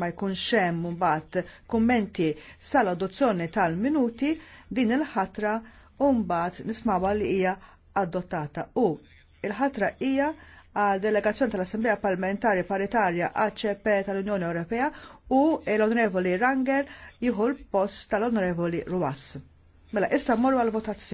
ma jkunx hemm mbagħad kummenti sal-adozzjoni tal-minuti din il-ħatra u mbagħad nismawa li hija adottata u il-ħatra hija għal delegazzjoni tal-Assemblea Parlamentari Paritarja ACP tal-Unjoni Ewropea u l-Onorevoli Rangel jieħu l-post tal-Onorevoli Ruas. Mela, issa morru għal votazzjoni.